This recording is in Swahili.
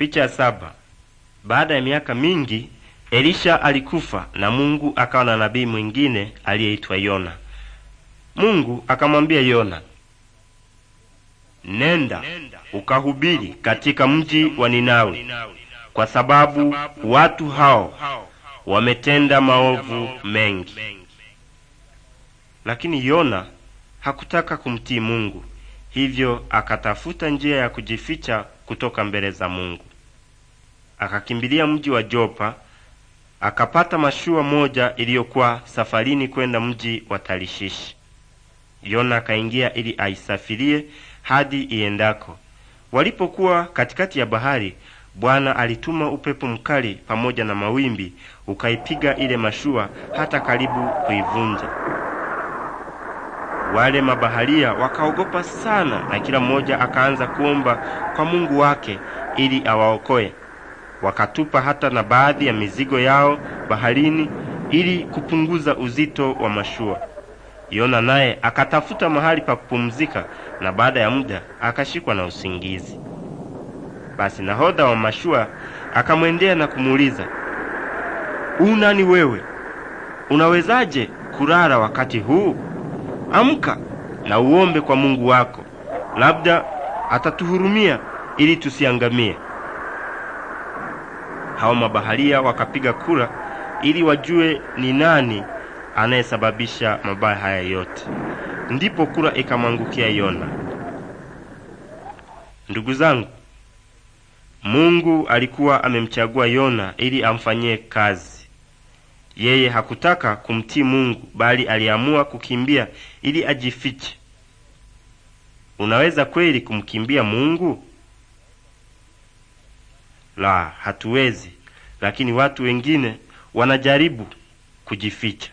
Picha saba. Baada ya miaka mingi Elisha alikufa na Mungu akawa na nabii mwingine aliyeitwa Yona. Mungu akamwambia Yona, nenda ukahubiri katika mji wa Ninawi, kwa sababu watu hao wametenda maovu mengi. Lakini Yona hakutaka kumtii Mungu, hivyo akatafuta njia ya kujificha kutoka mbele za Mungu akakimbilia mji wa Jopa akapata mashua moja iliyokuwa safarini kwenda mji wa Tarishishi. Yona akaingia ili aisafirie hadi iendako. Walipokuwa katikati ya bahari, Bwana alituma upepo mkali pamoja na mawimbi, ukaipiga ile mashua hata karibu kuivunja. Wale mabaharia wakaogopa sana, na kila mmoja akaanza kuomba kwa Mungu wake ili awaokoe wakatupa hata na baadhi ya mizigo yao baharini ili kupunguza uzito wa mashua. Yona naye akatafuta mahali pa kupumzika, na baada ya muda akashikwa na usingizi. Basi nahodha wa mashua akamwendea na kumuuliza, unani wewe? Unawezaje kulala wakati huu? Amka na uombe kwa Mungu wako, labda atatuhurumia ili tusiangamie hao mabaharia wakapiga kura ili wajue ni nani anayesababisha mabaya haya yote. Ndipo kura ikamwangukia Yona. Ndugu zangu, Mungu alikuwa amemchagua Yona ili amfanyie kazi. Yeye hakutaka kumtii Mungu, bali aliamua kukimbia ili ajifiche. Unaweza kweli kumkimbia Mungu? la hatuwezi, lakini watu wengine wanajaribu kujificha.